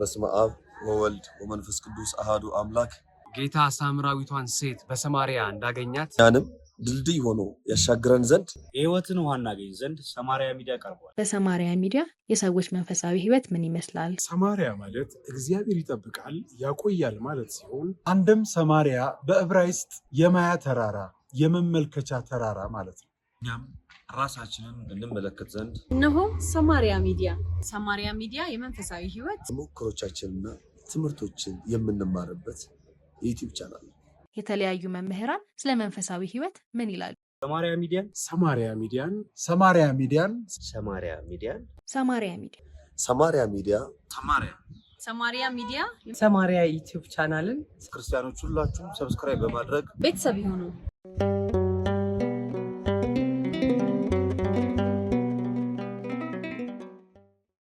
በስመ አብ ወወልድ ወመንፈስ ቅዱስ አሃዱ አምላክ። ጌታ ሳምራዊቷን ሴት በሰማሪያ እንዳገኛት ያንም ድልድይ ሆኖ ያሻግረን ዘንድ የህይወትን ውሃ እናገኝ ዘንድ ሰማሪያ ሚዲያ ቀርቧል። በሰማሪያ ሚዲያ የሰዎች መንፈሳዊ ህይወት ምን ይመስላል? ሰማሪያ ማለት እግዚአብሔር ይጠብቃል ያቆያል ማለት ሲሆን አንድም ሰማሪያ በዕብራይስጥ የማያ ተራራ የመመልከቻ ተራራ ማለት ነው። እኛም ራሳችንን እንመለከት ዘንድ እነሆ ሰማሪያ ሚዲያ። ሰማሪያ ሚዲያ የመንፈሳዊ ሕይወት ተሞክሮቻችንና ትምህርቶችን የምንማርበት የዩቲዩብ ቻናል የተለያዩ መምህራን ስለ መንፈሳዊ ህይወት ምን ይላሉ? ሰማሪያ ሚዲያን ሰማሪያ ሚዲያን ሰማሪያ ሚዲያን ሰማሪያ ሚዲያን ሰማሪያ ሚዲያ ሰማሪያ ሚዲያ ሰማሪያ ሰማሪያ ሚዲያ ሰማሪያ ዩቲዩብ ቻናልን ክርስቲያኖች ሁላችሁም ሰብስክራይብ በማድረግ ቤተሰብ ይሁኑ።